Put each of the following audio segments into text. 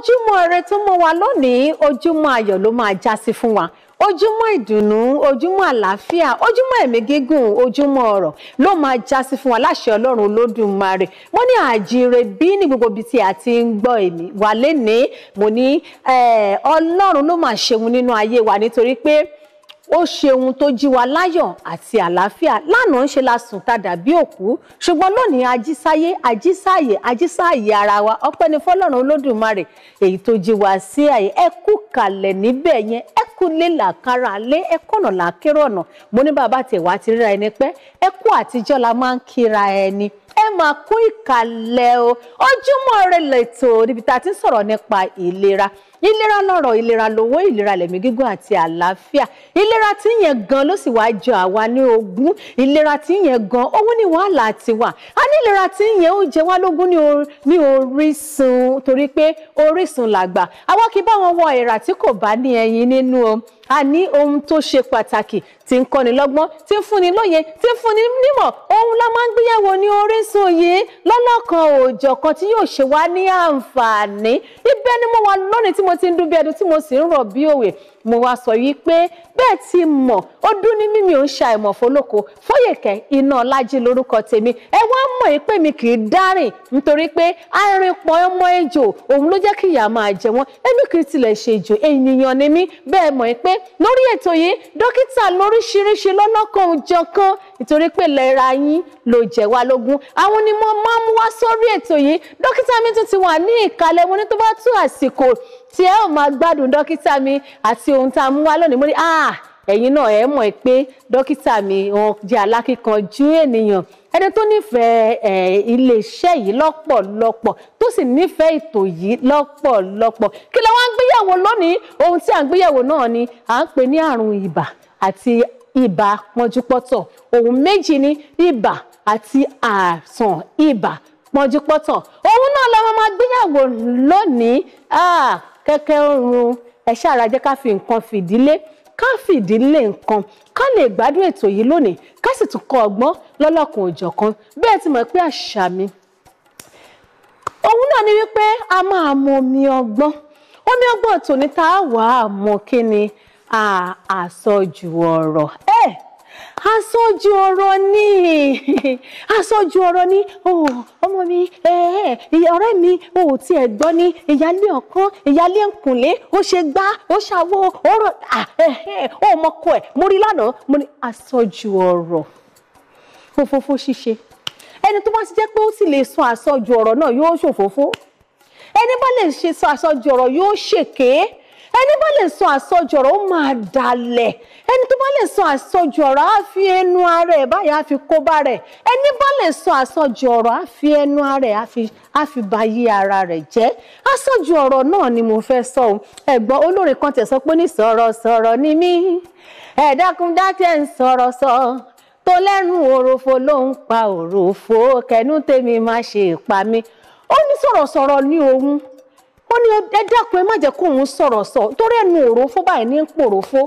ojúmọ́ ire tó mọ́ wa lónìí ojúmọ́ ayọ̀ ló máa já sí fún wa ojúmọ́ ìdùnnú ojúmọ́ àlàáfíà ojúmọ́ ẹ̀mí gígùn ojúmọ́ ọ̀rọ̀ ló máa já sí fún wa láṣẹ Ọlọ́run Olódùmarè mo ní àjíire bí ní gbogbo ibi tí a ti ń gbọ́ èmi wà lénìí mo ní Ọlọ́run ló máa ṣeun nínú ayé wa nítorí pé ó ṣe ohun tó jí wa láyọ̀ àti àlàáfíà lánàá ń ṣe la sùn tá dàbí òkú ṣùgbọ́n lónìí ajísáyé ajísáyè ajísáyè ara wa ọpẹ́ ni fọ́lọ́run olódùmarè èyí tó jí wa sí àyè ẹ kú kalẹ̀ níbẹ̀ yẹn ẹ kú lé làkàrà lé ẹ kọ̀nà làkérò ọ̀nà mo ní bàbá tẹ̀wá ti ríra ẹni pẹ́ ẹ kú àtijọ́ la máa ń kíra ẹni ẹ máa kú ìkàlẹ̀ o ojúmọ́ rẹ̀ lẹ́tọ̀ọ́ níbi tá a ti sọ̀rọ̀ nípa ìlera ìlera lọ́rọ̀ ìlera lówó ìlera lẹ̀mí gígùn àti àlàáfíà ìlera tí yẹn gan ló sì wá jẹ àwa ní ogún ìlera tí yẹn gan òun ni wàhálà ti wà a ní ìlera tí yẹn ó jẹ wá lógún ní orísun torí pé orísun làgbà àwa kì í bá wọn wọ ìrà tí kò bá ní ẹyin nínú o a ní ohun tó ṣe pàtàkì tí ń kọ́ni lọ́gbọ́n tí ń fúnni lóye tí ń fúnni nímọ̀ ohun la máa ń gbéyẹ̀wò ní Orísun yìí lọ́lọ́kan òòjọ́ kan tí yóò ṣe wá ní àǹfààní ibẹ̀ ni mo wà lónìí tí mo mo ti ń dún bí ẹdun tí mo sì ń rọ̀ bí òwe mo wá sọ yìí pé bẹ́ẹ̀ ti mọ̀ ó dún ní mímí ò ń ṣe àìmọ̀ fọlọ́kọ Fóyèkẹ́ Ináọlájí lórúkọ tèmi ẹ wá mọ̀ yìí pé mi kì í dárìn nítorí pé arìnpọ̀ ọmọ ejò òun ló jẹ́ kí ìyá máa jẹ wọ́n èmi kì í tilẹ̀ ṣe ejò ènìyàn ni mí bẹ́ẹ̀ mọ̀ yìí pé lórí ètò yìí dókítà lóríṣiríṣi lọ́nà kan òjọ kan nítorí pé lẹ́ra yín ló jẹ wá lógún àwọn ni mo máa ń wá sórí ètò yìí dókítà mi tún ti wà ní ìkàlẹ̀ mo ní tó bá tún àsìkò tí ẹ ò máa gbádùn dókítà mi àti ohun tá a mú wá lónìí mo ní ah ẹ̀yin náà ẹ mọ̀ pé dókítà mi wọn jẹ́ alákíkanjú ènìyàn ẹni tó nífẹ̀ẹ́ iléeṣẹ́ yìí lọ́pọ̀lọpọ̀ tó sì nífẹ̀ẹ́ ètò yìí lọ́pọ̀lọpọ̀ kí la wá ń gbéyàwó lónìí ohun tí à ń gbéyàwó náà ni à ń pè ní àrùn ibà àti ibà pọ́njúpọ́tọ̀ ohun méjì ni ibà àti àìsàn ibà pọ́njúpọ́tọ̀ ohun náà la máa gbéyàwó lónìí ah, kẹ́kẹ́ ọ̀run ẹ ṣàrà jẹ́ ká fi nǹkan fìdílé ká fìdílé nǹkan ká lè gbádùn ètò yìí lónìí ká sì tún kọ ọgbọ́n lọ́lọ́kan òjọ̀kan bẹ́ẹ̀ ti mọ̀ pé àṣà mi òun náà ni wípé a máa mu omi ọgbọ́n omi ọgbọ́n tòní tá a wà á mọ kí ni àsọjù ọ̀rọ̀ ẹ̀. Eh! asọ́jú ọ̀rọ̀ ni asọ́jú ọ̀rọ̀ ni ọmọ mi ọ̀rẹ́ mi ò tiẹ̀ gbọ́ ni ìyálé ọ̀kan ìyálé nkùnlé ó ṣe gbá ó ṣàwọ́ ọ̀rọ̀ ọmọkọ ẹ̀ mo rí lánàá mo ní asọ́jú ọ̀rọ̀ fòfófó ṣíṣe ẹni tó bá ti jẹ́ pé ó sì lè sọ asọ́jú ọ̀rọ̀ náà yóò ṣòfófó ẹni bá lè sọ asọ́jú ọ̀rọ̀ yóò ṣèké ẹni bá lè sọ àsọjù ọ̀rọ̀ ó máa dalẹ̀ ẹni tó bá lè sọ àsọjù ọ̀rọ̀ á fi ẹnu ara ẹ̀ báyìí á fi kó bá rẹ̀ ẹni bá lè sọ àsọjù á fi ẹnu ara ẹ̀ á fi ba yí ara rẹ̀ jẹ́ àsọjù ọ̀rọ̀ náà ni mo fẹ́ sọ o ẹ̀gbọ́n olórin kan tẹ̀ sọ pé ní sọ̀rọ̀ sọ̀rọ̀ ni mí ẹ̀dákun ń sọ̀rọ̀ sọ tó lẹ́nu òròfo ló ń pa òròfo kẹnu tèmi má ṣe pa mí ó ní sọ̀rọ̀ sọ̀rọ̀ ní òun ó ní ẹ dákun ẹ má jẹ́ kó òun sọ̀rọ̀ sọ torí ẹnu òròfó báyìí ní pòròfó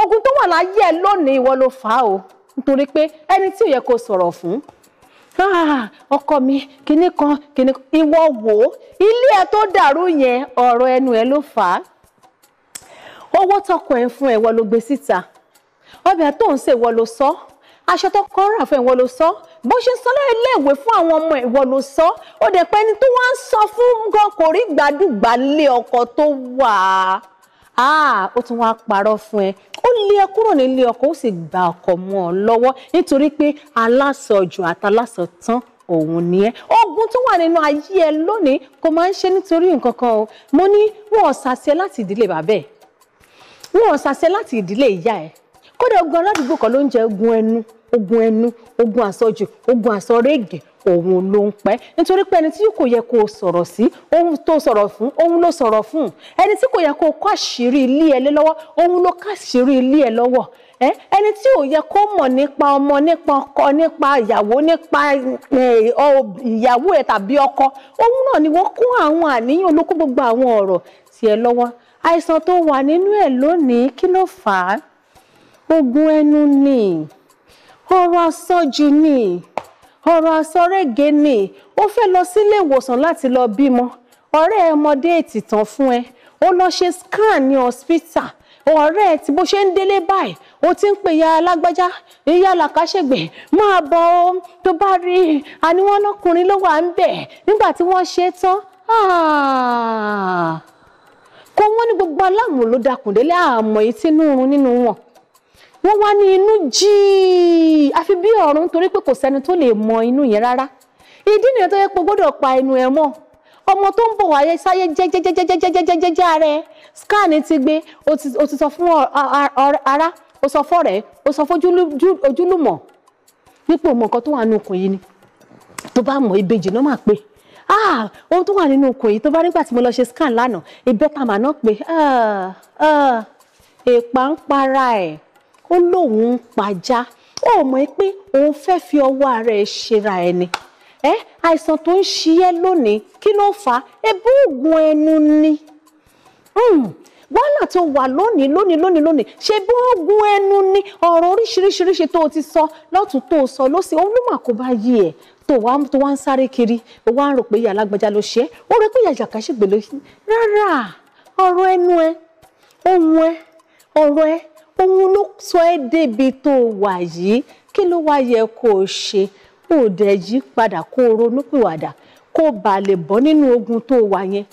ogun tó wà láyé ẹ lónìí ìwọ ló fà á o nítorí pé ẹni tí ò yẹ kó sọ̀rọ̀ fún ah, ọkọ mi kinní kan kinní kan ìwọ wò ó ilé ẹ tó dàrú yẹn ọ̀rọ̀ ẹnu ẹ ló fà á owó tọkọ ẹ fún ẹ ìwọ ló gbé síta ọbẹ̀ tó ń ṣe ìwọ ló sọ aṣọ tó kọ́ rà fún ìwọ ló sọ bó ṣe sọ lórí iléèwé fún àwọn ọmọ ìwọ ló sọ ó dẹ̀ pé ẹni tó wá ń sọ fún gan kò rí gbàdúgbà lé ọkọ tó wà á ó tún wá parọ́ fún ẹ ó lé ẹ kúrò nílé ọkọ ó sì gba ọkọ mọ́ ọ lọ́wọ́ nítorí pé alásọjù àtàlásọtán òun ni ẹ ogun tó wà nínú ayé ẹ lónìí kò máa ń ṣe nítorí nǹkan kan o mo ní wọn ò ṣàṣẹ láti ìdílé bàbá ẹ wọn ò ṣàṣẹ láti ìdílé ìyá ẹ kódà ogun aládùúgbò kan ló ń jẹ ogun ẹnu ogun ẹnu ogun àsọjù ogun àsọrégè òun ló ń pẹ́ nítorí pé ẹni tí kò yẹ kó sọ̀rọ̀ sí ohun tó sọ̀rọ̀ fún ohun ló sọ̀rọ̀ fún ẹni tí kò yẹ kó kó àṣírí ilé ẹ lé lọ́wọ́ ohun ló ká àṣírí ilé ẹ lọ́wọ́ ẹni tí ò yẹ kó mọ̀ nípa ọmọ nípa ọkọ nípa ìyàwó nípa ìyàwó ẹ tàbí ọkọ ohun náà ni wọ́n kó àwọn àníyàn ló gbogbo àwọn ọ̀rọ̀ sí ẹ lọ́wọ́ àìsàn tó wà nínú ẹ lónìí kí ló fà á ogun ẹnu nìyí ọ̀rọ̀ àsọjù ni ọ̀rọ̀ àsọrẹ́gẹ ni ó fẹ́ lọ sílé ìwòsàn láti lọ bímọ ọ̀rẹ́ ẹ mọdé ètìtàn fún ẹ ó lọ ṣe scan ní hospital ọ̀rẹ́ ẹ tí bó ṣe ń délé báyìí ó ti ń pè ya alágbájá ìyá làkàṣègbè máa bọ̀ ọ́ tó bá rí i àní wọn lọkùnrin ló wà ń bẹ̀ nígbà tí wọ́n ṣe tán ah. kó wọ́n ní gbogbo aláàmú ló dakùn délé àmọ́ yìí tí nínú wọn wọ́n wá ní inú jíì àfi bí ọ̀run torí pé kò sẹ́ni tó lè mọ inú yẹn rárá ìdí nìyẹn tó yẹ pé gbọ́dọ̀ pa ẹnu ẹ̀ mọ́ ọmọ tó ń bọ̀ wáyé sáyé jẹ́jẹ́jẹ́jẹ́jẹ́jẹ́jẹ́ rẹ̀ scan ti gbé o ti sọ fún ara o sọ fọ́rẹ̀ẹ́ o sọ fún ojúlùmọ̀ nípò mọ̀ nǹkan tó wà nínú okùn yìí ni tó bá mọ̀ ìbejì náà máa pè ah ohun tó wà nínú okùn yìí tó bá nígbà tí mo lọ ṣe scan lánàá ìbẹ́ta màá náà pè ah ah èèpà ń para ẹ̀ ó lóun ń pajá ó mọ̀ pé òun fẹ́ fi ọwọ́ ara ẹ̀ ṣera ẹni ẹ àìsàn tó ń ṣiyẹ́ lónìí kí ló fà á ebú oògùn ẹnu ni hmm, wàhálà tó wà lónìí lónìí lónìí lónìí ṣe bí wọ́n gún ẹnu ní ọ̀rọ̀ oríṣiríṣiríṣi tó o ti sọ lọ́tún tó o sọ lọ́sìn òun ló mà kó bá yí ẹ̀ tó wá tó wá ń sáré kiri ó wá ń rò pé ìyá alágbájá ló ṣe é ó rẹ pé ìyá jàkàṣègbè ló ṣe rárá ọ̀rọ̀ ẹnu ẹ ohun ẹ ọ̀rọ̀ ẹ òun ló sọ ẹ́ débi tó wà yìí kí ló wá yẹ kó o ṣe kó o dẹ̀ yí padà kó o ronúpìwàdà kó o bà lè bọ́ nínú ogun tó wà yẹn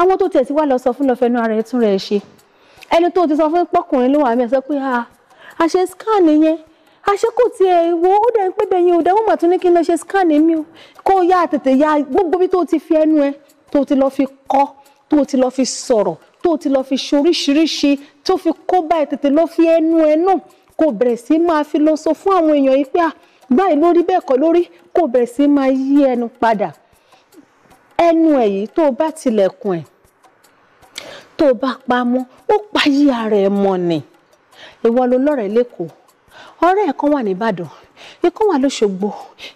àwọn tó tẹ̀ sí wá lọ sọ fún lọ́fẹ̀ẹ́nu ara ẹ̀ tún rẹ̀ ṣe ẹni tó ti sọ fún pọ́kùnrin ló wà mí ẹ sọ pé a a scan yẹn a kò tiẹ̀ wo ó dẹ̀ ń pé bẹ́ẹ̀ yẹn ò dẹ̀ mà tún ní kí n lọ ṣe scan mi o kó o yá tètè yá gbogbo bí tó ti fi ẹnu ẹ tó ti lọ fi kọ́ tó ti lọ fi sọ̀rọ̀ tó ti lọ fi ṣoríṣiríṣi tó fi kó báyìí tètè lọ fi ẹnu ẹ náà kò bẹ̀rẹ̀ sí máa fi lọ sọ fún àwọn èèyàn yìí pé à ah, báyìí lórí bẹ́ẹ̀ kọ́ lórí kò bẹ̀rẹ̀ sí máa yí ẹnu padà ẹnu ẹ̀ yìí tó o bá tilẹ̀kùn ẹ̀ tó o bá pa ó pa yí ara ẹ̀ mọ́ ni ìwọ ló lọ́rẹ̀ẹ́ lẹ́kọ̀ọ́ ọ̀rẹ́ ẹ̀ kan wà nìbàdàn ikán wà lọ́ṣogbo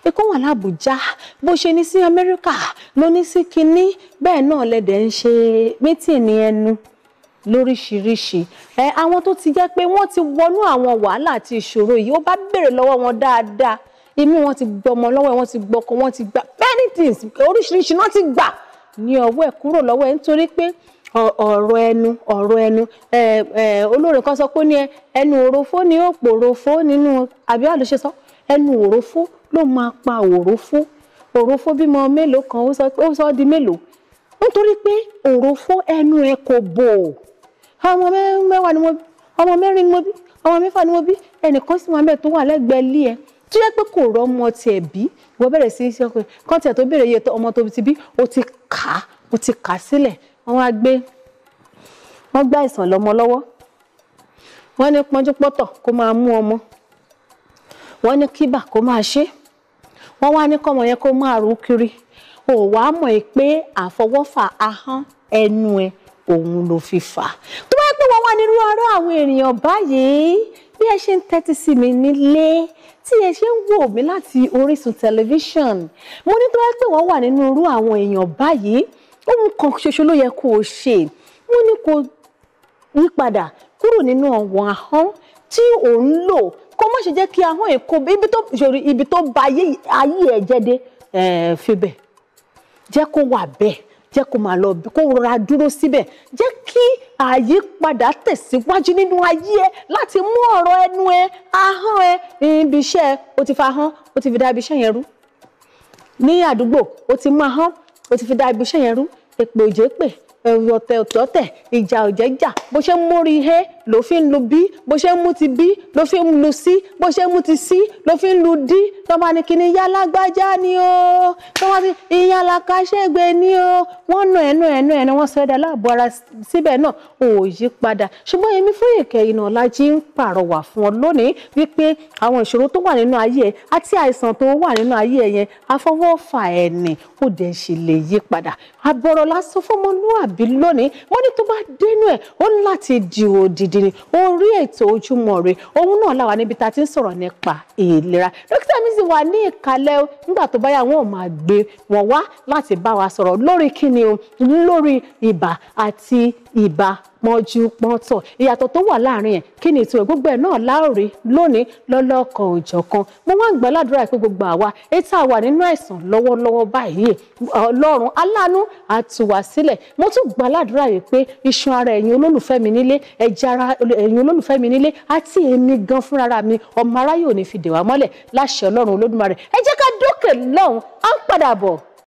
ikán wà lábùjá bó ṣe ní sí amẹ́ríkà ló ní sí kinní bẹ́ẹ̀ náà lẹ́dẹ̀ ń ṣe mítìnì ẹnu lóríṣìíríṣìí ẹ àwọn tó ti jẹ́ pé wọ́n ti wọnú àwọn wàhálà àti ìṣòro yìí ó bá béèrè lọ́wọ́ wọn dáadáa imú wọn ti gbọmọ lọ́wọ́ wọn ti gbọkọ wọn ti gbà many things oríṣìíríṣìí náà ti gbà ní ọwọ́ ẹ̀ kúrò lọ́wọ́ ẹ̀ nítorí pé ọ̀rọ̀ ẹnu ọ̀rọ̀ ẹnu olórin kan sọ pé ní ẹnu òròfó ni ó pòròfó nínú àbí àlùṣe sọ ẹnu òròfó ló máa pa òròfó òròfó bímọ mélòó kan ó sọ di mélòó nítorí pé òròfó ẹnu ẹ kò bò ọmọ mẹ́wàá ni mo bí ọmọ mẹ́rin ni mo bí ọmọ mẹ́fà ni mo bí ẹnìkan sì máa ń bẹ̀ tó wà lẹ́gbẹ̀ẹ́ lé ẹ tó yẹ pé kò rọ́mọ tiẹ̀ bí ìwọ bẹ̀rẹ̀ sí í ṣe pé kọ́ńtì tó béèrè iye ọmọ tó ti bí ó ti kà á ó ti kà á sílẹ̀ wọ́n á gbé wọ́n gbá ìsàn lọ́mọ lọ́wọ́ wọ́n ní pọ́njú pọ́tọ̀ kó máa mú ọmọ wọ́n ní kíbà kó máa ṣe é wọ́n wá ní kọ́mọ yẹn kó máa rú kiri ò wá mọ̀ ẹ́ pé àfọwọ́fà ahọ́n ẹnu ẹ òun ló fi fà á tó bá yẹ pé wọ́n wá nínú ọ̀rọ̀ àwọn ènìyàn báyìí bí ẹ ṣe ń tẹ́tí sí mi nílé tí ẹ ṣe ń wò mí láti Orísun tẹlifíṣàn mo ní tó yẹ pé wọ́n wà nínú irú àwọn èèyàn báyìí ohun kan ṣoṣo ló yẹ kó o ṣe mo ní kó yípadà kúrò nínú ọ̀wọ́n ahọ́n tí ò ń lò kó má ṣe jẹ́ kí ahọ́n èkó ibi tó ṣòro ibi tó ba ayé ẹ̀ jẹ́ dé fi bẹ̀ jẹ́ kó wà bẹ́ẹ̀ jẹ́ kó máa lọ kó rọra dúró síbẹ̀ jẹ́ kí àyípadà tẹ̀síwájú nínú ayé ẹ láti mú ọ̀rọ̀ ẹnu ẹ ahọ́n ẹ ibi iṣẹ́ ẹ o ti fa ahọ́n o ti fi da ibi iṣẹ́ yẹn rú ní àdúgbò o ti mú ahọ́n o ti fi da ibi iṣẹ́ yẹn rú èpè òjé pè ọ̀tẹ̀ ọ̀tẹ̀ ìjà òjẹ́ jà bó ṣe ń mórí he ló fi ń lu bí bó ṣe ń mú ti bí ló fi ń lu sí bó ṣe ń mú ti sí ló fi ń lu dí tó bá ní kíní ìyá lágbájá ni o tó bá ti ìyá làkàṣègbè ni o wọ́n nà ẹnu ẹnu ẹnu wọ́n sọ ẹ̀dá láàbọ̀ ara síbẹ̀ náà ò yí padà ṣùgbọ́n Yẹmí Fóyèkè Inaọlájí ń pàrọwà fún ọ lónìí wípé àwọn ìṣòro tó wà nínú ayé ẹ àti àìsàn tó wà nínú ayé ẹ yẹn afọwọ́fà ẹni ó dẹ̀ ṣe lè yí padà àbọ̀rọ̀ lásán fọmọlúwàbí lónìí wọ́n ní tó bá dénú ẹ̀ ó láti di òdì gidi ni orí ètò ojúmọ́ rẹ òun náà làwà níbi tá a ti ń sọ̀rọ̀ nípa ìlera dókítà mi sì wà ní nígbà tó báyà wọn ò máa gbé wọn wa lórí kíni o lórí ibà ìbá pọ́njú pọ́ntọ̀ ìyàtọ̀ tó wà láàrin ẹ̀ kí ni ìtumọ̀ gbogbo ẹ̀ náà láòrí lónìí lọ́lọ́kan òjọ̀kan mo wá ń gbà ládùúrà pé gbogbo àwa ètò àwa nínú àìsàn lọ́wọ́lọ́wọ́ báyìí ọlọ́run aláàánú á tú wa sílẹ̀ mo tún gbà ládùúrà yìí pé iṣan ara ẹ̀yin olólùfẹ́ mi nílé ẹ̀jẹ̀ ara ẹ̀yin olólùfẹ́ mi nílé àti èmi gan fúnra mi ọmọ aráyè ò ní fi dè láṣẹ ọlọ́run olódùmarè ẹ ká dókè lọ́hùn à ń padà bọ̀